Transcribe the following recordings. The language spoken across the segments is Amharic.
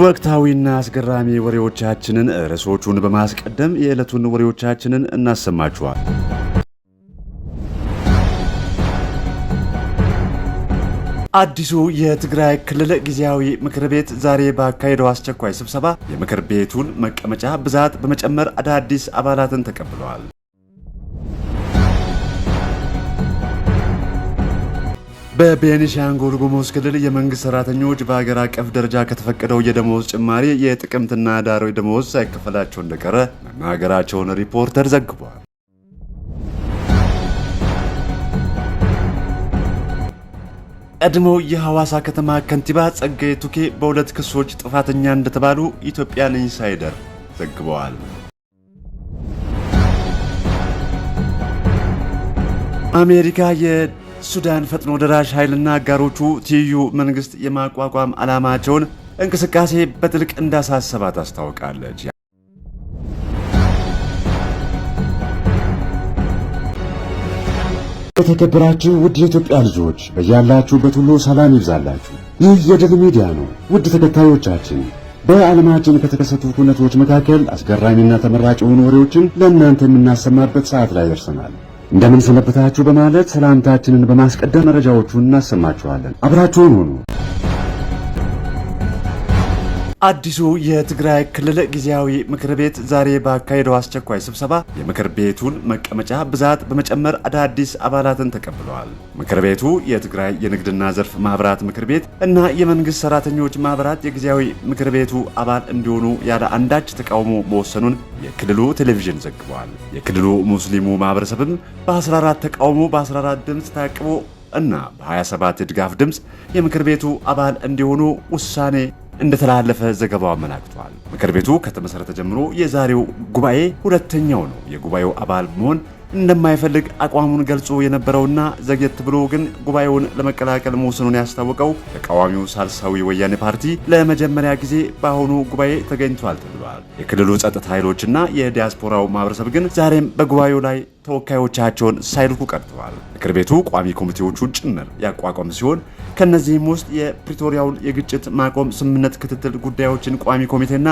ወቅታዊና አስገራሚ ወሬዎቻችንን ርዕሶቹን በማስቀደም የዕለቱን ወሬዎቻችንን እናሰማችኋል። አዲሱ የትግራይ ክልል ጊዜያዊ ምክር ቤት ዛሬ ባካሄደው አስቸኳይ ስብሰባ የምክር ቤቱን መቀመጫ ብዛት በመጨመር አዳዲስ አባላትን ተቀብለዋል። በቤኒሻንጉል ጉሙዝ ክልል የመንግስት ሰራተኞች በሀገር አቀፍ ደረጃ ከተፈቀደው የደመወዝ ጭማሪ የጥቅምትና ዳሮ ደመወዝ ሳይከፈላቸው እንደቀረ መናገራቸውን ሪፖርተር ዘግቧል። ቀድሞ የሐዋሳ ከተማ ከንቲባ ጸጋዬ ቱኬ በሁለት ክሶች ጥፋተኛ እንደተባሉ ኢትዮጵያን ኢንሳይደር ዘግበዋል። አሜሪካ ሱዳን ፈጥኖ ደራሽ ኃይልና አጋሮቹ ትይዩ መንግስት የማቋቋም ዓላማቸውን እንቅስቃሴ በጥልቅ እንዳሳሰባት አስታውቃለች። የተከበራችሁ ውድ የኢትዮጵያ ልጆች በያላችሁበት ሁሉ ሰላም ይብዛላችሁ። ይህ የድል ሚዲያ ነው። ውድ ተከታዮቻችን በዓለማችን ከተከሰቱ ሁነቶች መካከል አስገራሚና ተመራጭ የሆኑ ወሬዎችን ለእናንተ የምናሰማበት ሰዓት ላይ ደርሰናል። እንደምን ሰነበታችሁ በማለት ሰላምታችንን በማስቀደም መረጃዎቹን እናሰማችኋለን። አብራችሁን ሁኑ። አዲሱ የትግራይ ክልል ጊዜያዊ ምክር ቤት ዛሬ ባካሄደው አስቸኳይ ስብሰባ የምክር ቤቱን መቀመጫ ብዛት በመጨመር አዳዲስ አባላትን ተቀብለዋል። ምክር ቤቱ የትግራይ የንግድና ዘርፍ ማህበራት ምክር ቤት እና የመንግስት ሰራተኞች ማህበራት የጊዜያዊ ምክር ቤቱ አባል እንዲሆኑ ያለ አንዳች ተቃውሞ መወሰኑን የክልሉ ቴሌቪዥን ዘግቧል። የክልሉ ሙስሊሙ ማህበረሰብም በ14 ተቃውሞ በ14 ድምፅ ታቅቦ እና በ27 ድጋፍ ድምፅ የምክር ቤቱ አባል እንዲሆኑ ውሳኔ እንደተላለፈ ዘገባው አመላክቷል። ምክር ቤቱ ከተመሰረተ ጀምሮ የዛሬው ጉባኤ ሁለተኛው ነው። የጉባኤው አባል መሆን እንደማይፈልግ አቋሙን ገልጾ የነበረውና ዘግየት ብሎ ግን ጉባኤውን ለመቀላቀል መወሰኑን ያስታወቀው ተቃዋሚው ሳልሳዊ ወያኔ ፓርቲ ለመጀመሪያ ጊዜ በአሁኑ ጉባኤ ተገኝቷል ተብሏል። የክልሉ ጸጥታ ኃይሎችና የዲያስፖራው ማህበረሰብ ግን ዛሬም በጉባኤው ላይ ተወካዮቻቸውን ሳይልኩ ቀርተዋል። ምክር ቤቱ ቋሚ ኮሚቴዎቹን ጭምር ያቋቋም ሲሆን ከእነዚህም ውስጥ የፕሪቶሪያውን የግጭት ማቆም ስምምነት ክትትል ጉዳዮችን ቋሚ ኮሚቴና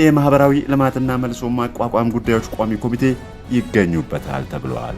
የማህበራዊ ልማትና መልሶ ማቋቋም ጉዳዮች ቋሚ ኮሚቴ ይገኙበታል ተብለዋል።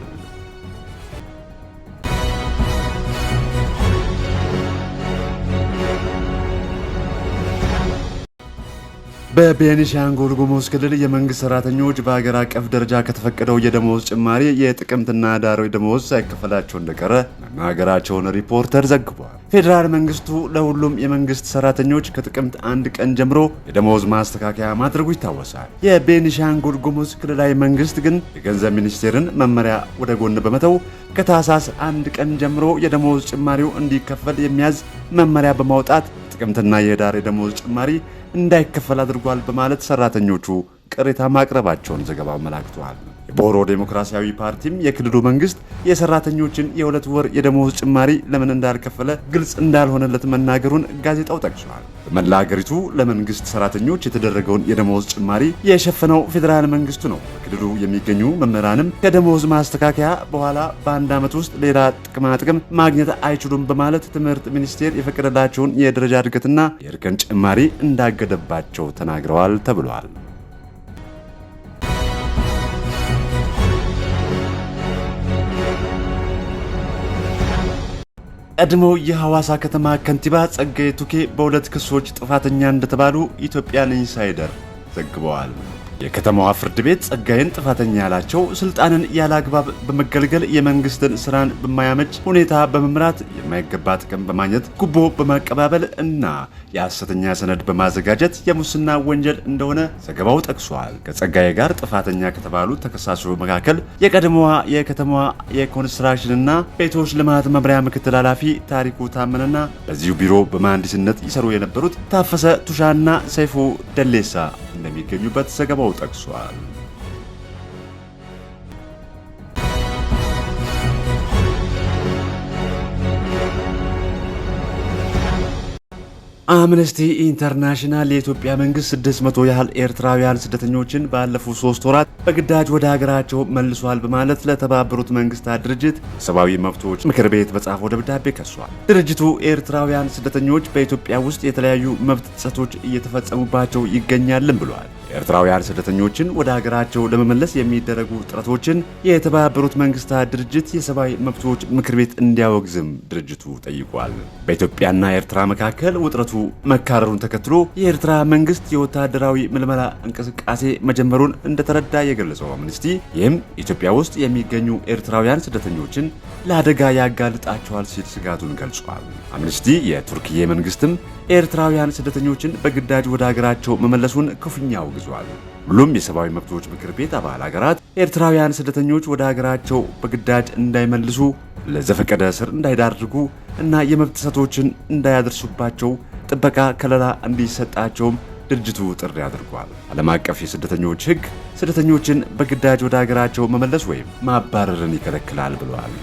በቤኒሻንጉል ጉሙዝ ክልል የመንግስት ሰራተኞች በሀገር አቀፍ ደረጃ ከተፈቀደው የደሞዝ ጭማሪ የጥቅምትና ዳሮ ደሞዝ ሳይከፈላቸው እንደቀረ መናገራቸውን ሪፖርተር ዘግቧል። ፌዴራል መንግስቱ ለሁሉም የመንግስት ሰራተኞች ከጥቅምት አንድ ቀን ጀምሮ የደሞዝ ማስተካከያ ማድረጉ ይታወሳል። የቤኒሻንጉል ጉሙዝ ክልላዊ መንግስት ግን የገንዘብ ሚኒስቴርን መመሪያ ወደ ጎን በመተው ከታህሳስ አንድ ቀን ጀምሮ የደሞዝ ጭማሪው እንዲከፈል የሚያዝ መመሪያ በማውጣት የጥቅምትና የህዳር የደሞዝ ጭማሪ እንዳይከፈል አድርጓል በማለት ሰራተኞቹ ቅሬታ ማቅረባቸውን ዘገባው አመላክተዋል። የቦሮ ዴሞክራሲያዊ ፓርቲም የክልሉ መንግስት የሰራተኞችን የሁለት ወር የደመወዝ ጭማሪ ለምን እንዳልከፈለ ግልጽ እንዳልሆነለት መናገሩን ጋዜጣው ጠቅሷል። በመላ አገሪቱ ለመንግስት ሰራተኞች የተደረገውን የደመወዝ ጭማሪ የሸፈነው ፌዴራል መንግስቱ ነው። በክልሉ የሚገኙ መምህራንም ከደመወዝ ማስተካከያ በኋላ በአንድ ዓመት ውስጥ ሌላ ጥቅማ ጥቅም ማግኘት አይችሉም በማለት ትምህርት ሚኒስቴር የፈቀደላቸውን የደረጃ እድገትና የእርከን ጭማሪ እንዳገደባቸው ተናግረዋል ተብሏል። የቀድሞ የሐዋሳ ከተማ ከንቲባ ጸጋዬ ቱኬ በሁለት ክሶች ጥፋተኛ እንደተባሉ ኢትዮጵያን ኢንሳይደር ዘግበዋል። የከተማዋ ፍርድ ቤት ጸጋዬን ጥፋተኛ ያላቸው ስልጣንን ያለ አግባብ በመገልገል የመንግስትን ስራን በማያመች ሁኔታ በመምራት የማይገባ ጥቅም በማግኘት ጉቦ በማቀባበል እና የሐሰተኛ ሰነድ በማዘጋጀት የሙስና ወንጀል እንደሆነ ዘገባው ጠቅሷል። ከጸጋዬ ጋር ጥፋተኛ ከተባሉ ተከሳሹ መካከል የቀድሞዋ የከተማዋ የኮንስትራክሽንና ቤቶች ልማት መምሪያ ምክትል ኃላፊ ታሪኩ ታመነና በዚሁ ቢሮ በመሐንዲስነት ይሰሩ የነበሩት ታፈሰ ቱሻና ሰይፉ ደሌሳ እንደሚገኙበት ዘገባው አስምረው ጠቅሷል። አምነስቲ ኢንተርናሽናል የኢትዮጵያ መንግስት 600 ያህል ኤርትራውያን ስደተኞችን ባለፉት ሶስት ወራት በግዳጅ ወደ ሀገራቸው መልሷል በማለት ለተባበሩት መንግስታት ድርጅት ሰብአዊ መብቶች ምክር ቤት በጻፈው ደብዳቤ ከሷል። ድርጅቱ ኤርትራውያን ስደተኞች በኢትዮጵያ ውስጥ የተለያዩ መብት ጥሰቶች እየተፈጸሙባቸው ይገኛልም ብሏል። ኤርትራውያን ስደተኞችን ወደ ሀገራቸው ለመመለስ የሚደረጉ ጥረቶችን የተባበሩት መንግስታት ድርጅት የሰብአዊ መብቶች ምክር ቤት እንዲያወግዝም ድርጅቱ ጠይቋል። በኢትዮጵያና ኤርትራ መካከል ውጥረቱ መካረሩን ተከትሎ የኤርትራ መንግስት የወታደራዊ ምልመላ እንቅስቃሴ መጀመሩን እንደተረዳ የገለጸው አምነስቲ ይህም ኢትዮጵያ ውስጥ የሚገኙ ኤርትራውያን ስደተኞችን ለአደጋ ያጋልጣቸዋል ሲል ስጋቱን ገልጿል። አምነስቲ የቱርክዬ መንግስትም ኤርትራውያን ስደተኞችን በግዳጅ ወደ ሀገራቸው መመለሱን ክፉኛው ተግዟል። ሁሉም የሰብአዊ መብቶች ምክር ቤት አባል ሀገራት ኤርትራውያን ስደተኞች ወደ ሀገራቸው በግዳጅ እንዳይመልሱ፣ ለዘፈቀደ እስር እንዳይዳርጉ እና የመብት ጥሰቶችን እንዳያደርሱባቸው ጥበቃ ከለላ እንዲሰጣቸውም ድርጅቱ ጥሪ አድርጓል። ዓለም አቀፍ የስደተኞች ሕግ ስደተኞችን በግዳጅ ወደ ሀገራቸው መመለስ ወይም ማባረርን ይከለክላል ብለዋል።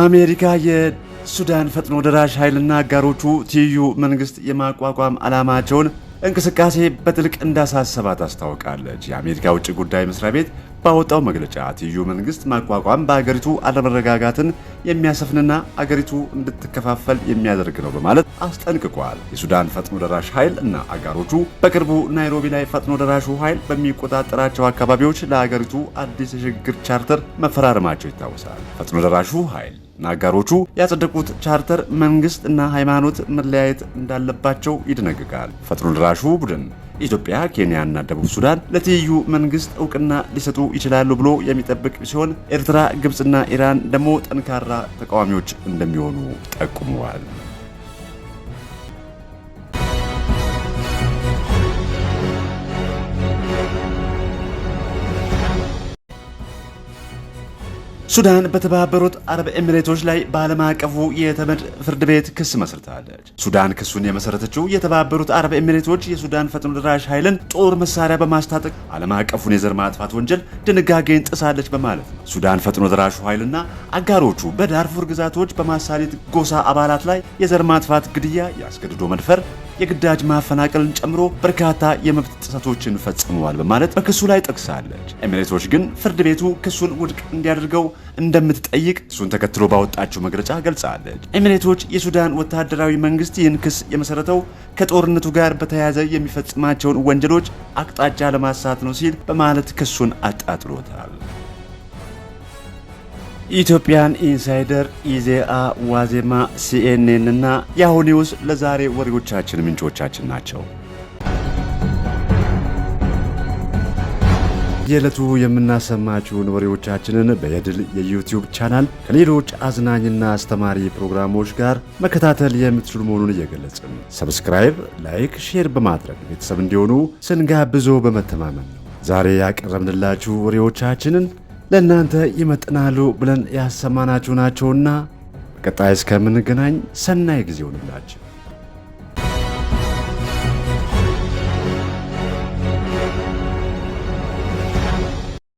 አሜሪካ የሱዳን ፈጥኖ ደራሽ ኃይልና አጋሮቹ ትይዩ መንግስት የማቋቋም ዓላማቸውን እንቅስቃሴ በጥልቅ እንዳሳሰባት አስታውቃለች። የአሜሪካ ውጭ ጉዳይ መስሪያ ቤት ባወጣው መግለጫ ትይዩ መንግስት ማቋቋም በአገሪቱ አለመረጋጋትን የሚያሰፍንና አገሪቱ እንድትከፋፈል የሚያደርግ ነው በማለት አስጠንቅቋል። የሱዳን ፈጥኖ ደራሽ ኃይል እና አጋሮቹ በቅርቡ ናይሮቢ ላይ ፈጥኖ ደራሹ ኃይል በሚቆጣጠራቸው አካባቢዎች ለአገሪቱ አዲስ የሽግግር ቻርተር መፈራረማቸው ይታወሳል። ፈጥኖ ደራሹ ኃይል አጋሮቹ ያጸደቁት ቻርተር መንግስት እና ሃይማኖት መለያየት እንዳለባቸው ይደነግጋል። ፈጥኖ ደራሹ ቡድን ኢትዮጵያ፣ ኬንያ እና ደቡብ ሱዳን ለትይዩ መንግስት እውቅና ሊሰጡ ይችላሉ ብሎ የሚጠብቅ ሲሆን ኤርትራ፣ ግብፅና ኢራን ደግሞ ጠንካራ ተቃዋሚዎች እንደሚሆኑ ጠቁመዋል። ሱዳን በተባበሩት አረብ ኤሚሬቶች ላይ በዓለም አቀፉ የተመድ ፍርድ ቤት ክስ መስርታለች። ሱዳን ክሱን የመሰረተችው የተባበሩት አረብ ኤሚሬቶች የሱዳን ፈጥኖ ደራሽ ኃይልን ጦር መሳሪያ በማስታጠቅ ዓለም አቀፉን የዘር ማጥፋት ወንጀል ድንጋጌን ጥሳለች በማለት ነው። ሱዳን ፈጥኖ ደራሹ ኃይልና አጋሮቹ በዳርፉር ግዛቶች በማሳሌት ጎሳ አባላት ላይ የዘር ማጥፋት ግድያ፣ ያስገድዶ መድፈር የግዳጅ ማፈናቀልን ጨምሮ በርካታ የመብት ጥሰቶችን ፈጽመዋል በማለት በክሱ ላይ ጠቅሳለች። ኤሚሬቶች ግን ፍርድ ቤቱ ክሱን ውድቅ እንዲያደርገው እንደምትጠይቅ እሱን ተከትሎ ባወጣችው መግለጫ ገልጻለች። ኤሚሬቶች የሱዳን ወታደራዊ መንግስት ይህን ክስ የመሰረተው ከጦርነቱ ጋር በተያያዘ የሚፈጽማቸውን ወንጀሎች አቅጣጫ ለማሳት ነው ሲል በማለት ክሱን አጣጥሎታል። ኢትዮጵያን ኢንሳይደር፣ ኢዜአ፣ ዋዜማ፣ ሲኤንኤን እና ያሁ ኒውስ ለዛሬ ወሬዎቻችን ምንጮቻችን ናቸው። የዕለቱ የምናሰማችውን ወሬዎቻችንን በየድል የዩቲዩብ ቻናል ከሌሎች አዝናኝና አስተማሪ ፕሮግራሞች ጋር መከታተል የምትችሉ መሆኑን እየገለጽን ሰብስክራይብ፣ ላይክ፣ ሼር በማድረግ ቤተሰብ እንዲሆኑ ስንጋብዞ በመተማመን ነው ዛሬ ያቀረብንላችሁ ወሬዎቻችንን ለእናንተ ይመጥናሉ ብለን ያሰማናችሁ ናቸውና በቀጣይ እስከምንገናኝ ሰናይ ጊዜ ሆኑላችሁ።